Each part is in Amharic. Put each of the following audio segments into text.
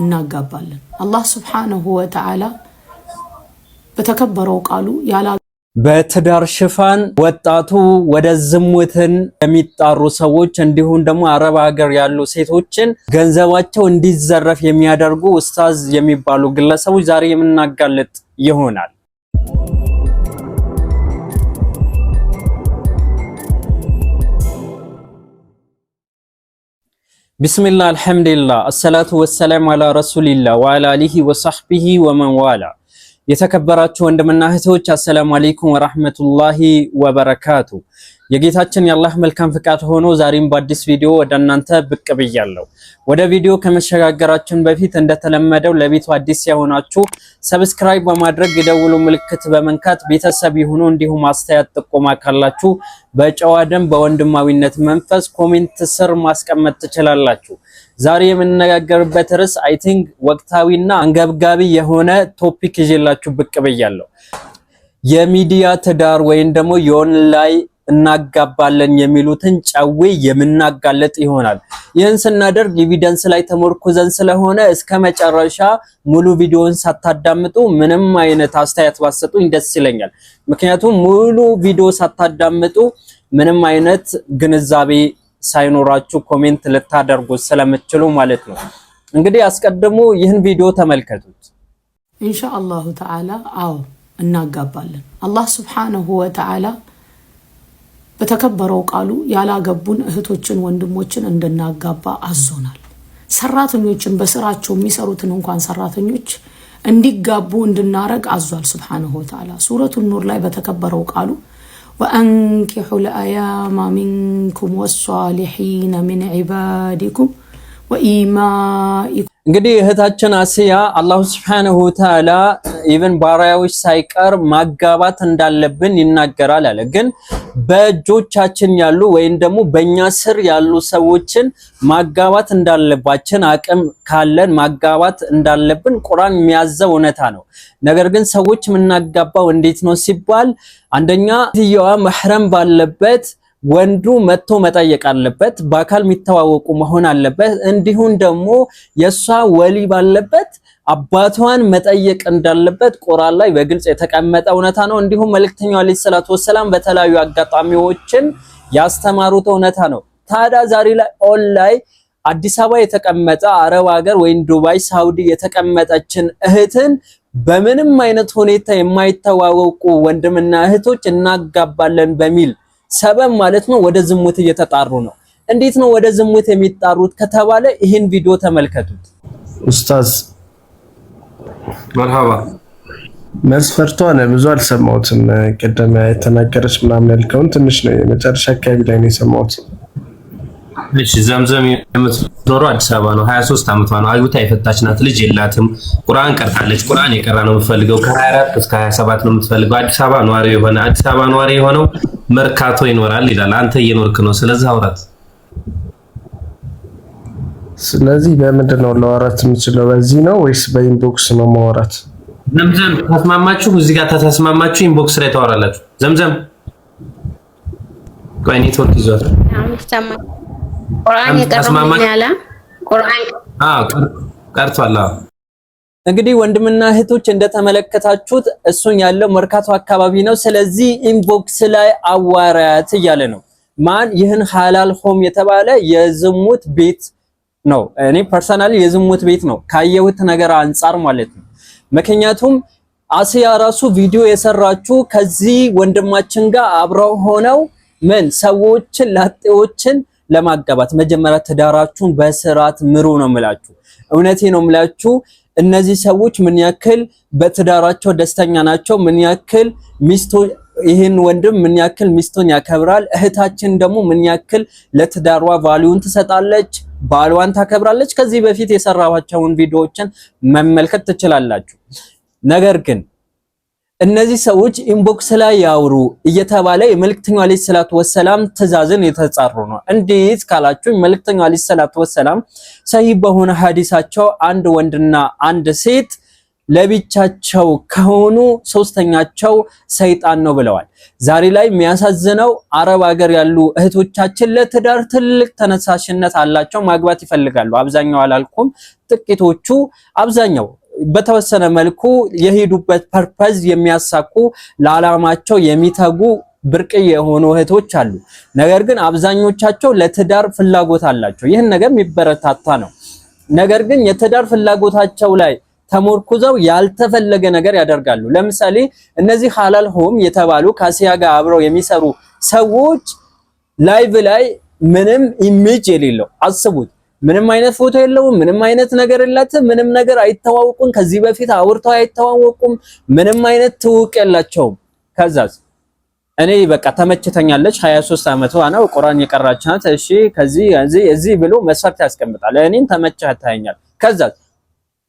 እናጋባለን። አላህ ስብሓነሁ ወተዓላ በተከበረው ቃሉ ያላ በትዳር ሽፋን ወጣቱ ወደ ዝሙትን የሚጣሩ ሰዎች እንዲሁም ደግሞ አረብ ሀገር ያሉ ሴቶችን ገንዘባቸው እንዲዘረፍ የሚያደርጉ ኡስታዝ የሚባሉ ግለሰቦች ዛሬ የምናጋልጥ ይሆናል። ቢስሚላህ አልሐምዱሊላህ አሰላቱ ወሰላም አላ ረሱሊላህ ወአላ አሊሂ ወሳህቢሂ ወመንዋላ። የተከበራችሁ ወንድምና እህቶች አሰላሙ አሌይኩም ወራህመቱላሂ ወበረካቱ። የጌታችን የአላህ መልካም ፍቃድ ሆኖ ዛሬም በአዲስ ቪዲዮ ወደ እናንተ ብቅ ብያለሁ። ወደ ቪዲዮ ከመሸጋገራችን በፊት እንደተለመደው ለቤቱ አዲስ የሆናችሁ ሰብስክራይብ በማድረግ የደውሉ ምልክት በመንካት ቤተሰብ ይሁኑ። እንዲሁም አስተያየት፣ ጥቆማ ካላችሁ በጨዋ ደም በወንድማዊነት መንፈስ ኮሜንት ስር ማስቀመጥ ትችላላችሁ። ዛሬ የምነጋገርበት ርዕስ አይ ቲንክ ወቅታዊና አንገብጋቢ የሆነ ቶፒክ ይዤላችሁ ብቅ ብያለሁ። የሚዲያ ትዳር ወይም ደግሞ የኦንላይን እናጋባለን የሚሉትን ጨዊ የምናጋለጥ ይሆናል። ይህን ስናደርግ ኤቪደንስ ላይ ተመርኩዘን ስለሆነ እስከ መጨረሻ ሙሉ ቪዲዮን ሳታዳምጡ ምንም አይነት አስተያየት ባሰጡኝ ደስ ይለኛል። ምክንያቱም ሙሉ ቪዲዮ ሳታዳምጡ ምንም አይነት ግንዛቤ ሳይኖራችሁ ኮሜንት ልታደርጉ ስለምችሉ ማለት ነው። እንግዲህ አስቀድሞ ይህን ቪዲዮ ተመልከቱት። ኢንሻ አላሁ ተዓላ አዎ እናጋባለን። አላህ ስብሓነሁ ወተዓላ በተከበረው ቃሉ ያላገቡን እህቶችን ወንድሞችን እንድናጋባ አዞናል። ሰራተኞችን በስራቸው የሚሰሩትን እንኳን ሰራተኞች እንዲጋቡ እንድናረግ አዟል። ስብሓንሁ ወተዓላ ሱረቱ ኑር ላይ በተከበረው ቃሉ ወአንኪሑ ለአያማ ሚንኩም ወሷሊሒነ ሚን ዒባዲኩም ወኢማኢኩም። እንግዲህ እህታችን አስያ አላሁ ስብሓንሁ ተዓላ ኢቨን ባሪያዎች ሳይቀር ማጋባት እንዳለብን ይናገራል አለ ግን በእጆቻችን ያሉ ወይም ደግሞ በእኛ ስር ያሉ ሰዎችን ማጋባት እንዳለባችን አቅም ካለን ማጋባት እንዳለብን ቁርአን የሚያዘው እውነታ ነው። ነገር ግን ሰዎች የምናጋባው እንዴት ነው ሲባል አንደኛ ትየዋ መህረም ባለበት ወንዱ መጥቶ መጠየቅ አለበት። በአካል የሚተዋወቁ መሆን አለበት። እንዲሁም ደግሞ የእሷ ወሊ ባለበት አባቷን መጠየቅ እንዳለበት ቁርአን ላይ በግልጽ የተቀመጠ እውነታ ነው። እንዲሁም መልእክተኛው አለይሂ ሰላቱ ወሰላም በተለያዩ አጋጣሚዎችን ያስተማሩት እውነታ ነው። ታዲያ ዛሬ ላይ ኦንላይ አዲስ አበባ የተቀመጠ አረብ ሀገር ወይም ዱባይ፣ ሳውዲ የተቀመጠችን እህትን በምንም አይነት ሁኔታ የማይተዋወቁ ወንድምና እህቶች እናጋባለን በሚል ሰበብ ማለት ነው ወደ ዝሙት እየተጣሩ ነው። እንዴት ነው ወደ ዝሙት የሚጣሩት ከተባለ ይህን ቪዲዮ ተመልከቱት ኡስታዝ መርሃባ መስፈርቷ ለብዙ አልሰማሁትም። ቅድም የተናገረች ምናምን ያልከውን ትንሽ ነው የመጨረሻ አካባቢ ላይ ነው የሰማሁት። እሺ ዘምዘም የምትኖረው አዲስ አበባ ነው። 23 ዓመቷ ነው። አግብታ የፈታች ናት። ልጅ የላትም። ቁርአን ቀርታለች። ቁርአን የቀራ ነው የምትፈልገው። ከ24 እስከ 27 ነው የምትፈልገው። አዲስ አበባ ነዋሪ የሆነ አዲስ አበባ ነዋሪ የሆነው መርካቶ ይኖራል ይላል። አንተ እየኖርክ ነው። ስለዚህ አውራት ስለዚህ በምንድን ነው ለወራት የምችለው? በዚህ ነው ወይስ በኢንቦክስ ነው ማውራት? ዘምዘም ተስማማችሁ? እዚህ ጋር ተስማማችሁ? ኢንቦክስ ላይ ታወራላችሁ። ዘምዘም ቆይ ኔትወርክ ይዟል። ቀርቷል። እንግዲህ ወንድምና እህቶች እንደተመለከታችሁት እሱን ያለው መርካቶ አካባቢ ነው። ስለዚህ ኢንቦክስ ላይ አዋራት እያለ ነው። ማን ይህን ሀላል ሆም የተባለ የዝሙት ቤት ነው። እኔ ፐርሰናሊ የዝሙት ቤት ነው ካየሁት ነገር አንጻር ማለት ነው። ምክንያቱም አስያ ራሱ ቪዲዮ የሰራችሁ ከዚህ ወንድማችን ጋር አብረው ሆነው ምን ሰዎችን ላጤዎችን ለማጋባት መጀመሪያ ትዳራችሁን በስርዓት ምሩ ነው የምላችሁ። እውነቴ ነው የምላችሁ። እነዚህ ሰዎች ምን ያክል በትዳራቸው ደስተኛ ናቸው? ምን ያክል ሚስቶ ይህን ወንድም ምን ያክል ሚስቶን ያከብራል? እህታችን ደግሞ ምን ያክል ለትዳሯ ቫሊዩን ትሰጣለች? ባሏን ታከብራለች። ከዚህ በፊት የሰራቸውን ቪዲዮዎችን መመልከት ትችላላችሁ። ነገር ግን እነዚህ ሰዎች ኢንቦክስ ላይ ያውሩ እየተባለ የመልክተኛው አለይሂ ሰላቱ ወሰላም ትእዛዝን የተጻሩ ነው። እንዴት ካላችሁ መልክተኛው አለይሂ ሰላቱ ወሰላም ሰሂህ በሆነ ሐዲሳቸው አንድ ወንድና አንድ ሴት ለብቻቸው ከሆኑ ሶስተኛቸው ሰይጣን ነው ብለዋል። ዛሬ ላይ የሚያሳዝነው አረብ ሀገር ያሉ እህቶቻችን ለትዳር ትልቅ ተነሳሽነት አላቸው፣ ማግባት ይፈልጋሉ። አብዛኛው አላልኩም፣ ጥቂቶቹ አብዛኛው በተወሰነ መልኩ የሄዱበት ፐርፐዝ የሚያሳኩ ለዓላማቸው የሚተጉ ብርቅ የሆኑ እህቶች አሉ። ነገር ግን አብዛኞቻቸው ለትዳር ፍላጎት አላቸው። ይህን ነገር የሚበረታታ ነው። ነገር ግን የትዳር ፍላጎታቸው ላይ ተሞርኩዘው ያልተፈለገ ነገር ያደርጋሉ። ለምሳሌ እነዚህ ሐላል ሆም የተባሉ ከአሲያ ጋር አብረው የሚሰሩ ሰዎች ላይቭ ላይ ምንም ኢሜጅ የሌለው አስቡት። ምንም አይነት ፎቶ የለውም። ምንም አይነት ነገር የላትም። ምንም ነገር አይተዋወቁም። ከዚህ በፊት አውርተው አይተዋወቁም። ምንም አይነት ትውቅ የላቸውም። ከዛስ እኔ በቃ ተመችተኛለች 23 ዓመቷ ነው። ቁርአን የቀራች ናት። እሺ ከዚህ እዚህ ብሎ መስፈርት ያስቀምጣል። እኔን ተመችተኛል። ከዛስ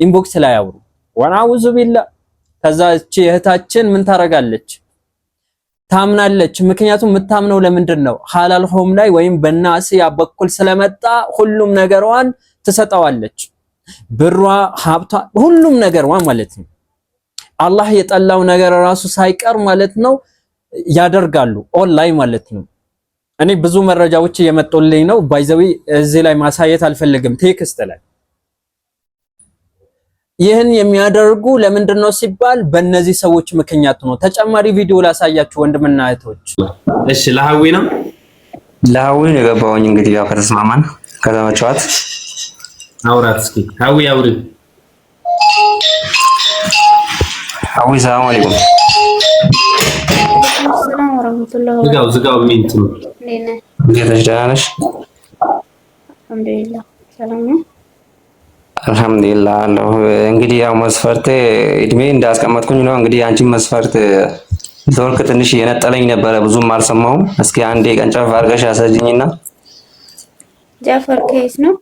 ኢንቦክስ ላይ አውሩ። ወናውዙ ቢላ ከዛ እቺ እህታችን ምን ታረጋለች? ታምናለች። ምክንያቱም የምታምነው ለምንድን ነው? ሐላል ሆም ላይ ወይም በናስያ በኩል ስለመጣ ሁሉም ነገሯን ትሰጠዋለች። ብሯ፣ ሀብቷ፣ ሁሉም ነገሯ ማለት ነው። አላህ የጠላው ነገር ራሱ ሳይቀር ማለት ነው ያደርጋሉ። ኦንላይን ማለት ነው። እኔ ብዙ መረጃዎች እየመጡልኝ ነው። ባይዘዊ እዚህ ላይ ማሳየት አልፈልግም። ቴክስት ላይ ይህን የሚያደርጉ ለምንድን ነው ሲባል በእነዚህ ሰዎች ምክንያት ነው። ተጨማሪ ቪዲዮ ላሳያችሁ ወንድምና እህቶች። እሺ ለሀዊ ነው ለሀዊ ነው የገባውኝ። እንግዲህ ያው ከተስማማን ከተመቸዋት አውራት እስኪ ሀዊ አውሪ። ሀዊ ሰላም አለይኩም። ዝጋው ዝጋው። ምን ነው እንዴት ነሽ? ደህና ነሽ? አልሐምዱሊላህ ሰላም ነው። አልሐምዱሊላህ አለሁ። እንግዲህ ያው መስፈርት እድሜ እንዳስቀመጥኩኝ ነው። እንግዲህ አንቺን መስፈርት ዘወርክ ትንሽ የነጠለኝ ነበረ፣ ብዙም አልሰማሁም። እስኪ አንዴ ቀንጨፍ አድርገሽ ያሰጅኝና ጃፈር ከየት ነው?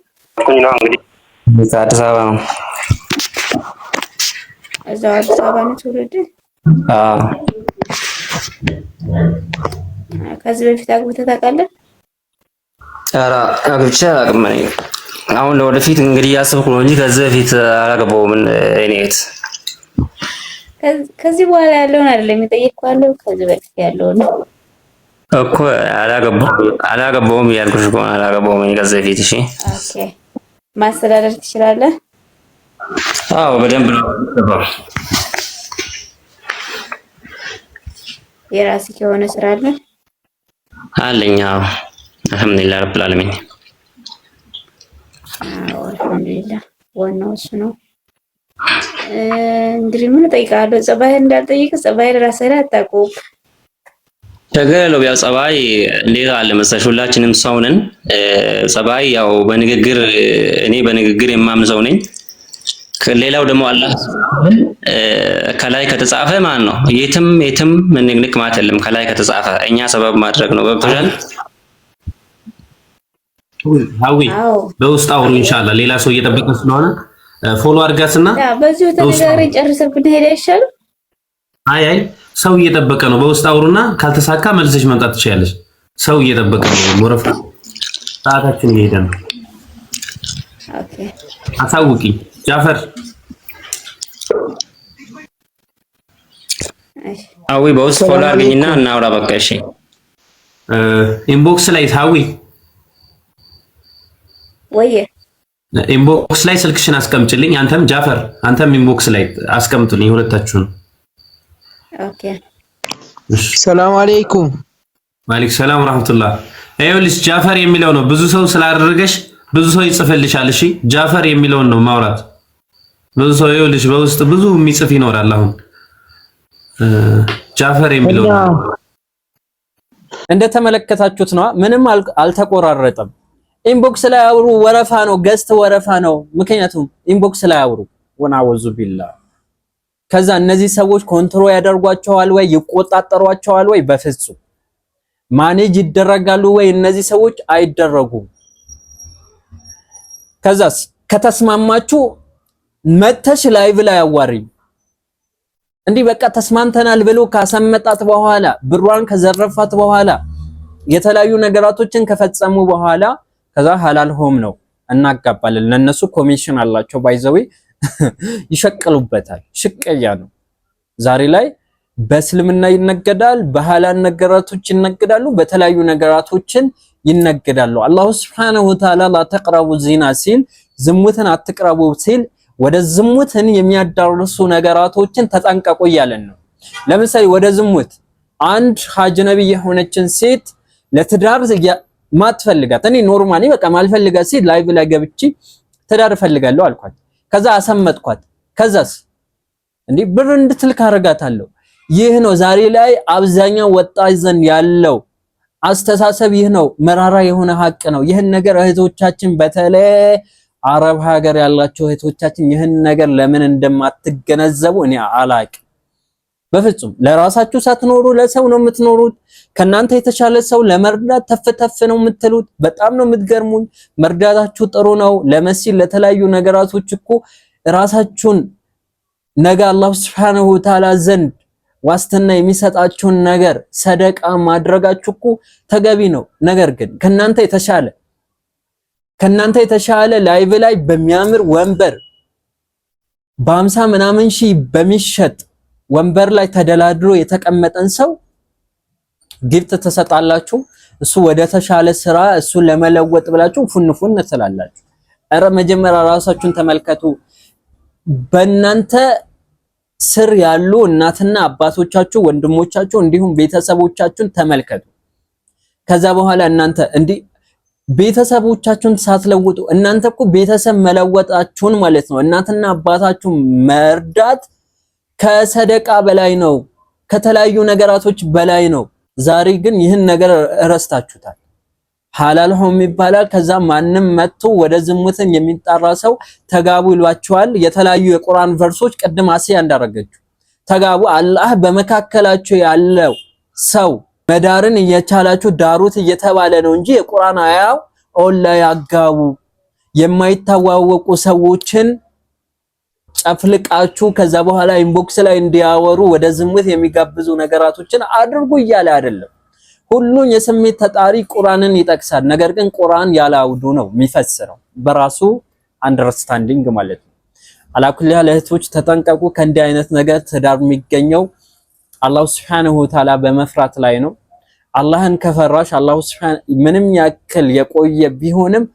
ነው እንግዲህ ከአዲስ አበባ ነው። እዛው አዲስ አበባ ነው ትውልድ? አዎ። ከዚህ በፊት አግብተህ ታውቃለህ? ኧረ አግብቼ አላውቅም እኔ አሁን ለወደፊት እንግዲህ ያሰብኩ ነው እንጂ ከዚህ በፊት አላገባውም። እኔት ከዚህ በኋላ ያለውን አይደለም የጠየቅኳለሁ፣ ከዚህ በፊት ያለውን ነው እኮ። አላገባውም እያልኩሽ እኮ አላገባውም እኔ ከዚህ በፊት። እሺ ኦኬ። ማስተዳደር ትችላለህ? አዎ በደንብ ነው። የራስህ የሆነ ስራ አለ? አለኝ። አዎ አልሐምዱሊላህ ረብል ዓለሚን አልሐምዱሊላህ ዋናው እሱ ነው። እንግዲህ ምን እጠይቃለሁ? እንዳልጠይቅ ላይ ችግር የለውም። ያው ጸባይ እንዴት አለ መሰለሽ፣ ሁላችንም ሰው ነን። ጸባይ ያው በንግግር እኔ በንግግር የማምን ሰው ነኝ። ሌላው ደግሞ አላህ ከላይ ከተጻፈ ማን ነው የትም የትም ንቅንቅ ማለት የለም። ከላይ ከተጻፈ እኛ ሰበብ ማድረግ ነው። ገብቶሻል? ሀዊ በውስጥ አውሩ ኢንሻአላህ። ሌላ ሰው እየጠበቀ ስለሆነ ፎሎ አድርጋትና በዚሁ ተነጋግረን እንጨርሰን ብንሄድ አይሻልም? አይ አይ ሰው እየጠበቀ ነው። በውስጥ አውሩና ካልተሳካ መልሰሽ መምጣት ትችያለሽ። ሰው እየጠበቀ ነው። ሞረፍ ሰዓታችን እየሄደ ነው። አሳውቂ ጃፈር ሀዊ በውስጥ ፎሎ አድርገኝና እናውራ። በቃ እሺ ኢንቦክስ ላይ ሀዊ ወይ ኢንቦክስ ላይ ስልክሽን አስቀምጭልኝ። አንተም ጃፈር አንተም ኢንቦክስ ላይ አስቀምጡልኝ ሁለታችሁን። ኦኬ ሰላም አለይኩም። ማሊክ ሰላም ወራህመቱላህ። ይኸውልሽ ጃፈር የሚለው ነው። ብዙ ሰው ስላደረገሽ ብዙ ሰው ይጽፈልሻል። እሺ ጃፈር የሚለውን ነው ማውራት። ብዙ ሰው ይኸውልሽ፣ በውስጥ ብዙ የሚጽፍ ይኖራል። አሁን ጃፈር የሚለው እንደተመለከታችሁት ነው። ምንም አልተቆራረጠም። ኢንቦክስ ላይ አውሩ። ወረፋ ነው፣ ገዝት ወረፋ ነው። ምክንያቱም ኢንቦክስ ላይ አውሩ። ወናወዙ ቢላ ከዛ እነዚህ ሰዎች ኮንትሮል ያደርጓቸዋል ወይ ይቆጣጠሯቸዋል ወይ? በፍጹም ማኔጅ ይደረጋሉ ወይ? እነዚህ ሰዎች አይደረጉም። ከዛ ከተስማማችሁ መተሽ ላይቭ ላይ አዋሪ እንዲህ በቃ ተስማምተናል ብሎ ካሰመጣት በኋላ ብሯን ከዘረፋት በኋላ የተለያዩ ነገራቶችን ከፈጸሙ በኋላ ከዛ ሀላል ሆም ነው እናጋባለን። ለነሱ ኮሚሽን አላቸው። ባይዘዌ ይሸቅሉበታል። ሽቅያ ነው። ዛሬ ላይ በእስልምና ይነገዳል፣ በሀላል ነገራቶች ይነገዳሉ፣ በተለያዩ ነገራቶችን ይነገዳሉ። አላሁ ሱብሓነሁ ወተዓላ ላተቅረቡ ዚና ሲል ዝሙትን አትቅረቡ ሲል ወደ ዝሙትን የሚያዳርሱ ነገራቶችን ተጠንቀቁ እያለን ነው። ለምሳሌ ወደ ዝሙት አንድ አጅነቢ የሆነችን ሴት ለትዳር ማትፈልጋት እኔ ኖርማሊ በቃ ማልፈልጋት ሲል ላይቭ ላይ ገብቼ ትዳር እፈልጋለሁ አልኳት። ከዛ አሰመጥኳት። ከዛስ እንዴ ብር እንድትልክ አረጋታለሁ። ይህ ነው ዛሬ ላይ አብዛኛው ወጣት ዘንድ ያለው አስተሳሰብ ይህ ነው። መራራ የሆነ ሀቅ ነው። ይህን ነገር እህቶቻችን በተለይ አረብ ሀገር ያላቸው እህቶቻችን ይህን ነገር ለምን እንደማትገነዘቡ እኔ አላቅም። በፍጹም ለራሳችሁ ሳትኖሩ ለሰው ነው የምትኖሩት። ከናንተ የተሻለ ሰው ለመርዳት ተፍ ተፍ ነው የምትሉት። በጣም ነው የምትገርሙኝ። መርዳታችሁ ጥሩ ነው። ለመሲል ለተለያዩ ነገራቶች እኮ ራሳችሁን ነገ አላህ ሱብሓነሁ ወተዓላ ዘንድ ዋስትና የሚሰጣችሁን ነገር ሰደቃ ማድረጋችሁ እኮ ተገቢ ነው። ነገር ግን ከናንተ የተሻለ ከናንተ የተሻለ ላይቭ ላይ በሚያምር ወንበር በአምሳ ምናምን ሺህ በሚሸጥ ወንበር ላይ ተደላድሎ የተቀመጠን ሰው ግብት ትሰጣላችሁ። እሱ ወደ ተሻለ ስራ እሱን ለመለወጥ ብላችሁ ፉን ፉን ትላላችሁ። እረ መጀመሪያ ራሳችሁን ተመልከቱ። በእናንተ ስር ያሉ እናትና አባቶቻችሁ፣ ወንድሞቻችሁ እንዲሁም ቤተሰቦቻችሁን ተመልከቱ። ከዛ በኋላ እናንተ እንዲህ ቤተሰቦቻችሁን ሳትለውጡ እናንተ እኮ ቤተሰብ መለወጣችሁን ማለት ነው። እናትና አባታችሁን መርዳት ከሰደቃ በላይ ነው፣ ከተለያዩ ነገራቶች በላይ ነው። ዛሬ ግን ይህን ነገር እረስታችሁታል። ሐላል ሆም ይባላል። ከዛ ማንም መጥቶ ወደ ዝሙትን የሚጣራ ሰው ተጋቡ ይሏቸዋል። የተለያዩ የቁርአን ቨርሶች ቅድም አስያ እንዳረገችው ተጋቡ፣ አላህ በመካከላቸው ያለው ሰው መዳርን እየቻላችሁ ዳሩት እየተባለ ነው እንጂ የቁርአን አያው ኦላ ያጋቡ የማይታዋወቁ ሰዎችን ጨፍልቃችሁ ከዛ በኋላ ኢንቦክስ ላይ እንዲያወሩ ወደ ዝሙት የሚጋብዙ ነገራቶችን አድርጉ እያለ አይደለም። ሁሉም የስሜት ተጣሪ ቁርአንን ይጠቅሳል። ነገር ግን ቁርአን ያላውዱ ነው የሚፈስረው በራሱ አንደርስታንዲንግ ማለት ነው። አላኩል ያለ ተጠንቀቁ። ከእንዲህ አይነት ነገር ትዳር የሚገኘው አላሁ ሱብሓነሁ ወተዓላ በመፍራት ላይ ነው። አላህን ከፈራሽ አላሁ ምንም ያክል የቆየ ቢሆንም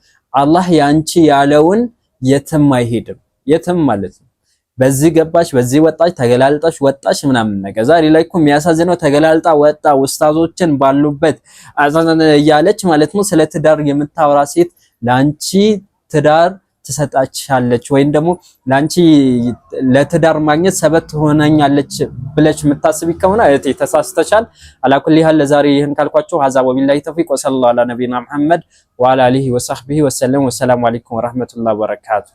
አላህ ያንቺ ያለውን የትም አይሄድም የትም ማለት ነው። በዚህ ገባች፣ በዚህ ወጣች፣ ተገላልጣች ወጣች ምናምን ነገር። ዛሬ ላይ እኮ የሚያሳዝነው ተገላልጣ ወጣ ውስታዞችን ባሉበት እያለች ማለት ነው ስለ ትዳር የምታወራ ሴት ለአንቺ ትዳር ትሰጣችኋለች ወይም ደግሞ ለአንቺ ለትዳር ማግኘት ሰበት ሆነኛለች ብለች የምታስቢ ከሆነ እህቴ ተሳስተሻል። አላኩል ይሃል ለዛሬ ይህን ካልኳቸው ሀዛ ወቢላሂ ተውፊቅ ወሰለላሁ ዐላ ነቢና መሐመድ ወዐላ አሊሂ ወሰህቢሂ ወሰለም። ወሰላሙ አለይኩም ወራህመቱላሂ ወበረካቱ